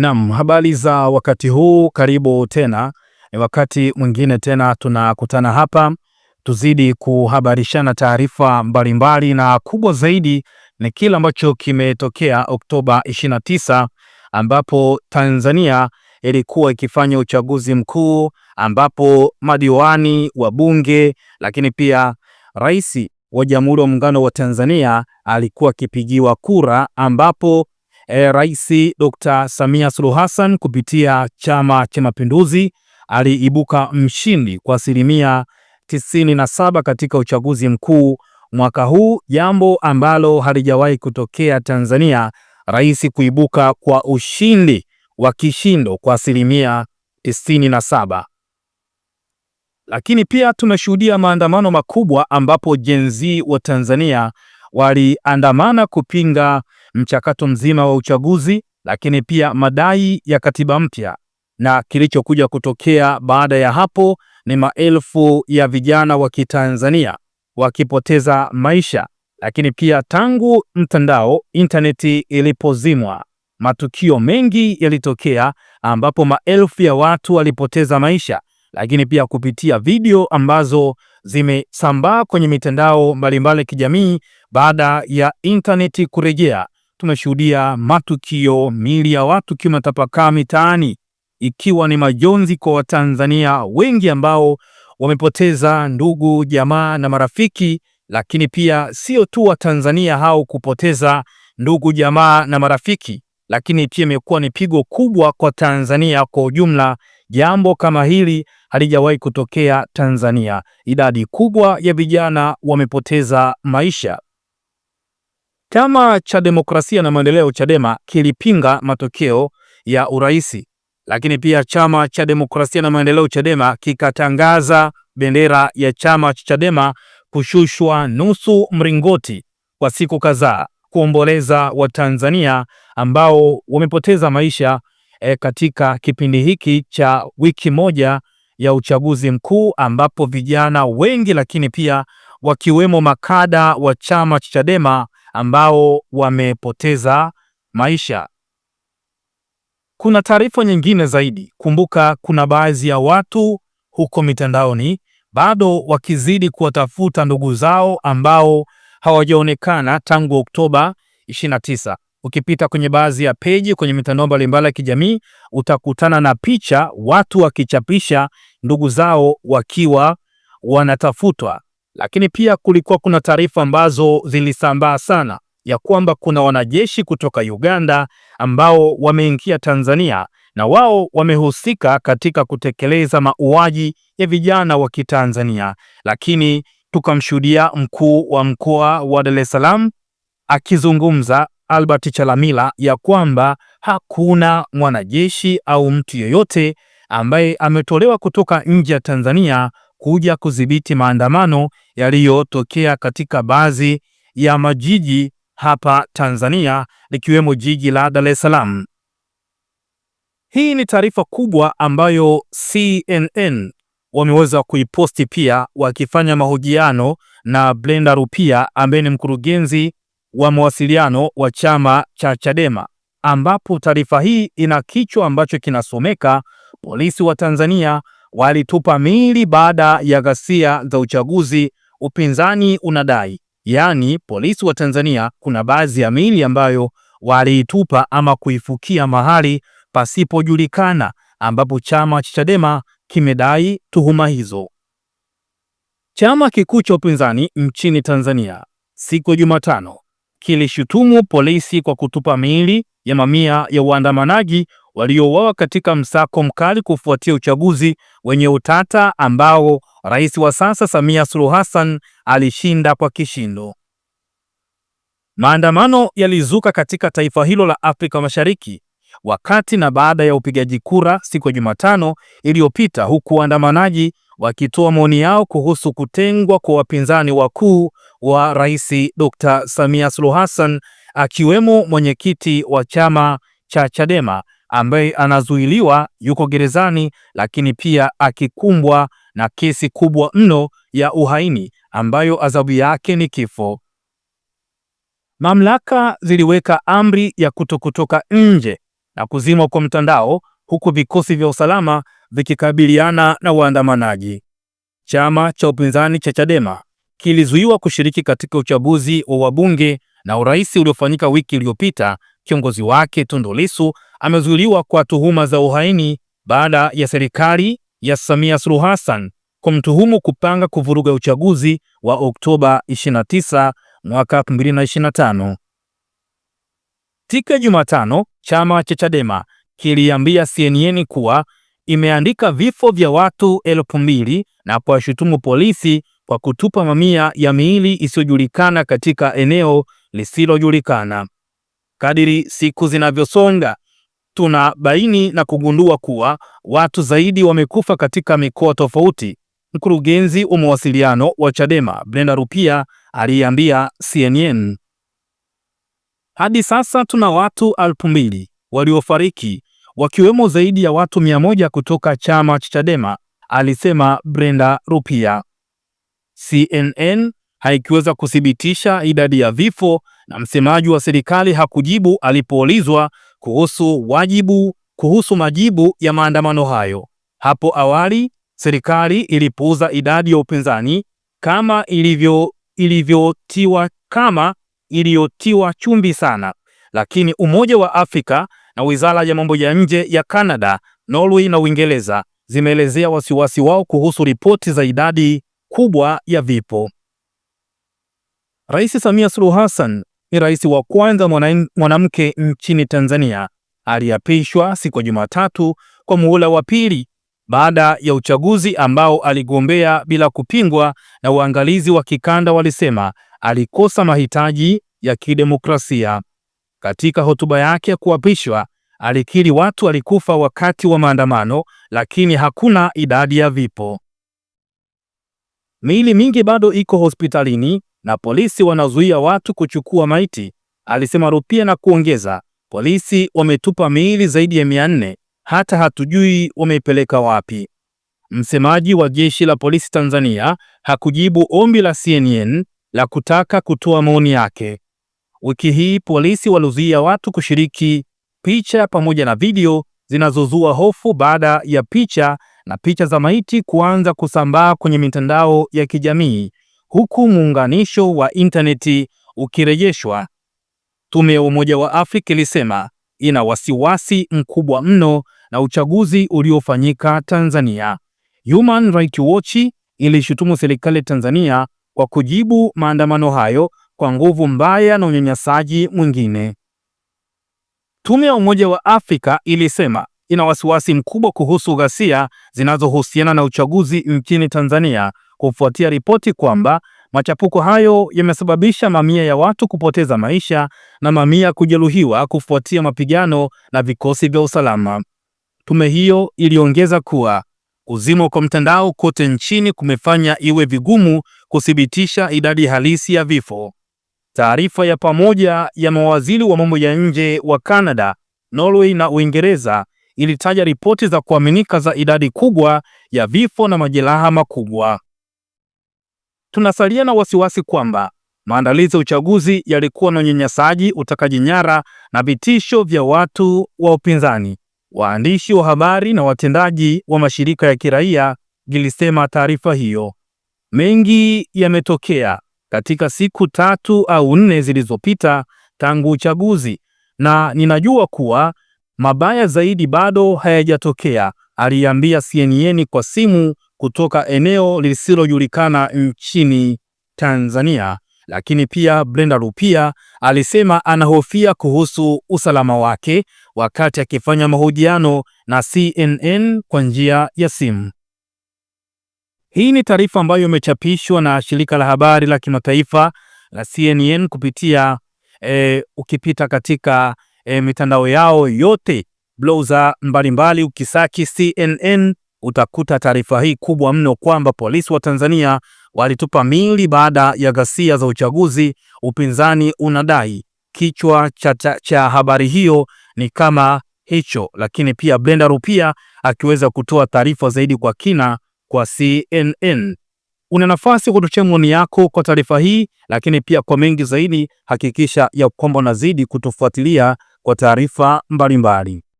Naam, habari za wakati huu, karibu tena. Ni wakati mwingine tena tunakutana hapa tuzidi kuhabarishana taarifa mbalimbali, na kubwa zaidi ni kile ambacho kimetokea Oktoba 29 ambapo Tanzania ilikuwa ikifanya uchaguzi mkuu ambapo madiwani, wa bunge lakini pia rais wa Jamhuri ya Muungano wa Tanzania alikuwa akipigiwa kura ambapo e, Rais Dr. Samia Suluhu Hassan kupitia Chama cha Mapinduzi aliibuka mshindi kwa asilimia 97 katika uchaguzi mkuu mwaka huu, jambo ambalo halijawahi kutokea Tanzania, rais kuibuka kwa ushindi wa kishindo kwa asilimia 97. Lakini pia tumeshuhudia maandamano makubwa ambapo Gen Z wa Tanzania waliandamana kupinga mchakato mzima wa uchaguzi, lakini pia madai ya katiba mpya na kilichokuja kutokea baada ya hapo ni maelfu ya vijana wa Kitanzania wakipoteza maisha, lakini pia tangu mtandao intaneti ilipozimwa matukio mengi yalitokea ambapo maelfu ya watu walipoteza maisha, lakini pia kupitia video ambazo zimesambaa kwenye mitandao mbalimbali ya kijamii baada ya intaneti kurejea Tumeshuhudia matukio, mili ya watu ikiwa imetapakaa mitaani, ikiwa ni majonzi kwa Watanzania wengi ambao wamepoteza ndugu, jamaa na marafiki. Lakini pia sio tu Watanzania hao kupoteza ndugu, jamaa na marafiki, lakini pia imekuwa ni pigo kubwa kwa Tanzania kwa ujumla. Jambo kama hili halijawahi kutokea Tanzania. Idadi kubwa ya vijana wamepoteza maisha. Chama cha Demokrasia na Maendeleo Chadema kilipinga matokeo ya urais, lakini pia chama cha Demokrasia na Maendeleo Chadema kikatangaza bendera ya chama cha Chadema kushushwa nusu mlingoti kwa siku kadhaa kuomboleza Watanzania ambao wamepoteza maisha e, katika kipindi hiki cha wiki moja ya uchaguzi mkuu ambapo vijana wengi lakini pia wakiwemo makada wa chama cha Chadema ambao wamepoteza maisha. Kuna taarifa nyingine zaidi. Kumbuka, kuna baadhi ya watu huko mitandaoni bado wakizidi kuwatafuta ndugu zao ambao hawajaonekana tangu Oktoba 29. Ukipita kwenye baadhi ya peji kwenye mitandao mbalimbali ya kijamii utakutana na picha watu wakichapisha ndugu zao wakiwa wanatafutwa. Lakini pia kulikuwa kuna taarifa ambazo zilisambaa sana ya kwamba kuna wanajeshi kutoka Uganda ambao wameingia Tanzania na wao wamehusika katika kutekeleza mauaji ya vijana wa Kitanzania, lakini tukamshuhudia mkuu wa mkoa wa Dar es Salaam akizungumza Albert Chalamila ya kwamba hakuna mwanajeshi au mtu yeyote ambaye ametolewa kutoka nje ya Tanzania kuja kudhibiti maandamano yaliyotokea katika baadhi ya majiji hapa Tanzania likiwemo jiji la Dar es Salaam. Hii ni taarifa kubwa ambayo CNN wameweza kuiposti pia wakifanya mahojiano na Brenda Rupia ambaye ni mkurugenzi wa mawasiliano wa chama cha Chadema, ambapo taarifa hii ina kichwa ambacho kinasomeka polisi wa Tanzania walitupa miili baada ya ghasia za uchaguzi, upinzani unadai. Yaani polisi wa Tanzania kuna baadhi ya miili ambayo waliitupa ama kuifukia mahali pasipojulikana, ambapo chama cha Chadema kimedai tuhuma hizo. Chama kikuu cha upinzani nchini Tanzania siku ya Jumatano kilishutumu polisi kwa kutupa miili ya mamia ya waandamanaji waliouawa katika msako mkali kufuatia uchaguzi wenye utata ambao rais wa sasa Samia Suluhu Hassan alishinda kwa kishindo. Maandamano yalizuka katika taifa hilo la Afrika Mashariki wakati na baada ya upigaji kura siku ya Jumatano iliyopita, huku waandamanaji wakitoa maoni yao kuhusu kutengwa kwa wapinzani wakuu wa Rais Dr. Samia Suluhu Hassan akiwemo mwenyekiti wa chama cha Chadema ambaye anazuiliwa yuko gerezani, lakini pia akikumbwa na kesi kubwa mno ya uhaini ambayo adhabu yake ni kifo. Mamlaka ziliweka amri ya kutokutoka nje na kuzimwa kwa mtandao, huku vikosi vya usalama vikikabiliana na waandamanaji. Chama cha upinzani cha Chadema kilizuiwa kushiriki katika uchaguzi wa wabunge na urais uliofanyika wiki iliyopita, kiongozi wake Tundu Lissu amezuiliwa kwa tuhuma za uhaini baada ya serikali ya Samia Suluhu Hassan kumtuhumu kupanga kuvuruga uchaguzi wa Oktoba 29 mwaka 2025. Tika Jumatano, chama cha Chadema kiliambia CNN kuwa imeandika vifo vya watu elfu mbili na kuwashutumu polisi kwa kutupa mamia ya miili isiyojulikana katika eneo lisilojulikana. Kadiri siku zinavyosonga, tunabaini na kugundua kuwa watu zaidi wamekufa katika mikoa tofauti. Mkurugenzi wa mawasiliano wa Chadema Brenda Rupia aliambia CNN, hadi sasa tuna watu elfu mbili waliofariki wakiwemo zaidi ya watu mia moja kutoka chama cha Chadema, alisema Brenda Rupia. CNN haikiweza kuthibitisha idadi ya vifo na msemaji wa serikali hakujibu alipoulizwa kuhusu wajibu kuhusu majibu ya maandamano hayo. Hapo awali serikali ilipuuza idadi ya upinzani kama ilivyo ilivyotiwa kama iliyotiwa chumbi sana, lakini Umoja wa Afrika na wizara ya mambo ya nje ya Kanada, Norway na Uingereza zimeelezea wasiwasi wao kuhusu ripoti za idadi kubwa ya vipo. Rais Samia Suluhu Hassan ni rais wa kwanza mwanamke nchini Tanzania aliapishwa siku ya Jumatatu kwa muhula wa pili baada ya uchaguzi ambao aligombea bila kupingwa, na uangalizi wa kikanda walisema alikosa mahitaji ya kidemokrasia. Katika hotuba yake ya kuapishwa, alikiri watu walikufa wakati wa maandamano, lakini hakuna idadi ya vipo. Miili mingi bado iko hospitalini na polisi wanazuia watu kuchukua maiti, alisema Rupia na kuongeza, polisi wametupa miili zaidi ya mia nne, hata hatujui wameipeleka wapi. Msemaji wa jeshi la polisi Tanzania hakujibu ombi la CNN la kutaka kutoa maoni yake. Wiki hii polisi walizuia watu kushiriki picha pamoja na video zinazozua hofu baada ya picha na picha za maiti kuanza kusambaa kwenye mitandao ya kijamii huku muunganisho wa intaneti ukirejeshwa. Tume ya Umoja wa Afrika ilisema ina wasiwasi mkubwa mno na uchaguzi uliofanyika Tanzania. Human Rights Watch ilishutumu serikali ya Tanzania kwa kujibu maandamano hayo kwa nguvu mbaya na unyanyasaji mwingine. Tume ya Umoja wa Afrika ilisema ina wasiwasi mkubwa kuhusu ghasia zinazohusiana na uchaguzi nchini Tanzania kufuatia ripoti kwamba machafuko hayo yamesababisha mamia ya watu kupoteza maisha na mamia kujeruhiwa kufuatia mapigano na vikosi vya usalama. Tume hiyo iliongeza kuwa kuzimwa kwa mtandao kote nchini kumefanya iwe vigumu kuthibitisha idadi halisi ya vifo. Taarifa ya pamoja ya mawaziri wa mambo ya nje wa canada Norway na Uingereza ilitaja ripoti za kuaminika za idadi kubwa ya vifo na majeraha makubwa tunasalia na wasiwasi kwamba maandalizi ya uchaguzi yalikuwa na unyanyasaji, utekaji nyara na vitisho vya watu wa upinzani, waandishi wa habari na watendaji wa mashirika ya kiraia, ilisema taarifa hiyo. Mengi yametokea katika siku tatu au nne zilizopita tangu uchaguzi, na ninajua kuwa mabaya zaidi bado hayajatokea, aliambia CNN kwa simu kutoka eneo lisilojulikana nchini Tanzania, lakini pia Brenda Rupia alisema anahofia kuhusu usalama wake wakati akifanya mahojiano na CNN kwa njia ya simu. Hii ni taarifa ambayo imechapishwa na shirika la habari la kimataifa la CNN kupitia e, ukipita katika e, mitandao yao yote browser mbalimbali ukisaki CNN utakuta taarifa hii kubwa mno kwamba polisi wa Tanzania walitupa miili baada ya ghasia za uchaguzi, upinzani unadai. Kichwa cha, cha, cha habari hiyo ni kama hicho, lakini pia Brenda Rupia akiweza kutoa taarifa zaidi kwa kina kwa CNN. Una nafasi kutuchia maoni yako kwa taarifa hii, lakini pia kwa mengi zaidi, hakikisha ya kwamba unazidi kutufuatilia kwa taarifa mbalimbali.